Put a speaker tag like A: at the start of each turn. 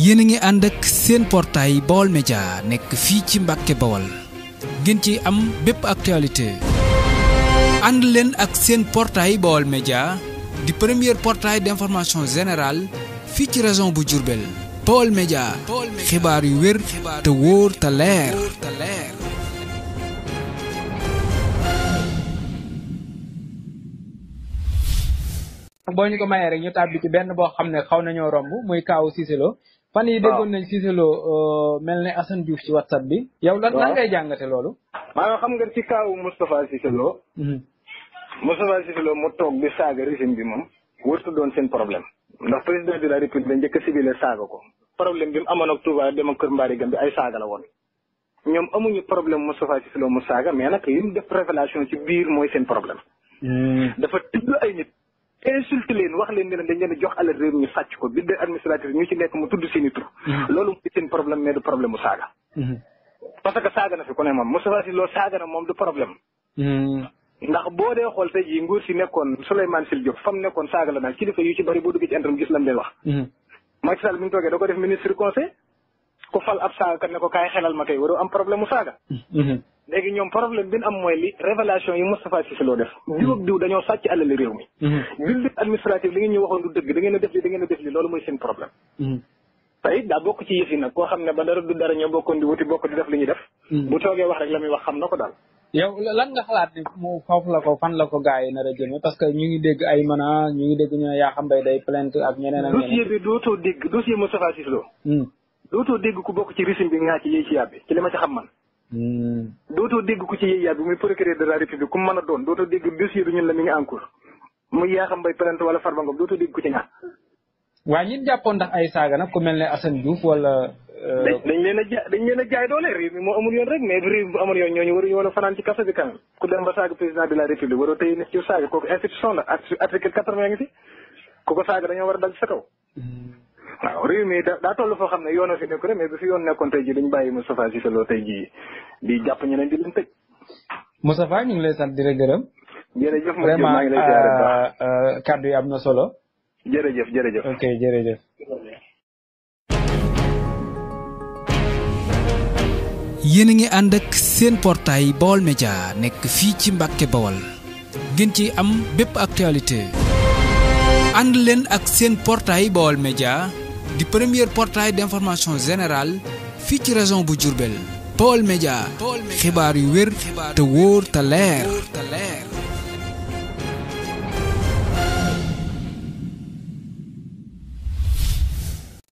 A: yéen a ngi ànd ak seen portail Baol Média nekk fii ci Mbàkke Baol ngeen ci am bépp actualité ànd leen ak seen portaay Baol Média di premier portail d'information générale fii ci région bu Diourbel Baol Média xibaar yu wér te wóor te leer
B: boo boo xam ne xaw nañoo romb muy kaaw Cissé fan yi déggoon nañ si Cissé Lo euh, mel ne Assane Diouf ci WhatsApp bi. yow lan lan ngay jàngate loolu. maanaam xam nga ci
C: kaawu Moustapha Cissé Lo. Mhm. Moustapha mu toog di saaga régime bi moom. wërtu doon seen problème. ndax président de la république njëkk a saaga ko. problème bi mu amoon ak Touba dem ak Kër Mbari Gambi ay saaga la woon. ñoom amuñu problème Moustapha Cissé Lo mu saaga mais nag yi mu def révélation ci biir mooy seen problème. ne dañ leen jox alal réew ñu sàcc ko billets administratifs ñu ci nekk mu tudd seen i tur. Mm-hmm. loolu mooy seen problème mais du problème mu saaga. Mm-hmm. parce que saaga na fi ku ne moom Moustapha Sy loolu saaga na moom du problème. Mm-hmm. ndax boo dee xool tey jii nguur si nekkoon Souleymane Sil Diop fam nekkoon saaga la naan kilifa yu ci bëri boo duggee ci internet gis lam lay wax. Macky Sall bi ñu toogee da ko def ministre conseil ku fal ab saaga kat ne ma am problème mu léegi ñoom problème bi ñu am mooy li révélation yi Moustapha Cissé Lo def hmm. diw ak diw dañoo sàcc alali réew mi hmm. justice administrative li ngeen ñu a def li li loolu mooy seen hmm. koo xam ne ba dara du dara ñoo bokkoon di wuti bokk di def li ñuy def bu toogee wax la muy wax na ko daal
B: que ñu ngi dégg ay mana ñu ngi dégg ñu ne yaa
C: dootoo dégg dossier ku bokk ci régime bi ngaa ci yéy ci yàbbi ci ci xam man Hmm. dootoo dégg ko ci yéeyaat bi muy procureur de la république ku mu a doon dootoo dégg dossier bi ñun la mi ngi en cours muy yaaxam bay plainte wala Farba Ngom dootoo dégg ku ci ñaar.
B: waaye ñi jàppoon ndax ay saaga nag ku mel ne Assane Diouf wala. Euh, dañ
C: leen a jaay doole réew mi moo amul yoon rek mais réew bu amul yoon ñooñu waruñu woon fanaan ci kaso bi kanam ku dem ba saaga président de la république waroo tey ne ci saaga kooku institution la article quatre-vingt ngi fi ku ko saaga dañoo war a dal ci sa waaw réew mi daa toll foo xam ne yoon a fi nekk rek mais bu fi yoon nekkoon tey jii dañu bàyyi Moustapha Cissé Lo tey jii di jàpp ñeneen di leen tëj.
B: Moustapha ñu ngi lay sant di la gërëm.
C: jërëjëf ma maa ngi lay vraiment euh,
B: euh, kàddu yi am na solo. jërëjëf jërëjëf. ok jërëjëf.
A: a ngi ànd ak seen portail Baol Média nekk fii ci Mbàkke Bawal gën ci am bépp actualité ànd leen ak seen portaay Baol Média di premier portail d'information générale fii ci région bu Diourbel Baol Média xibaar yu wér te wóor te leer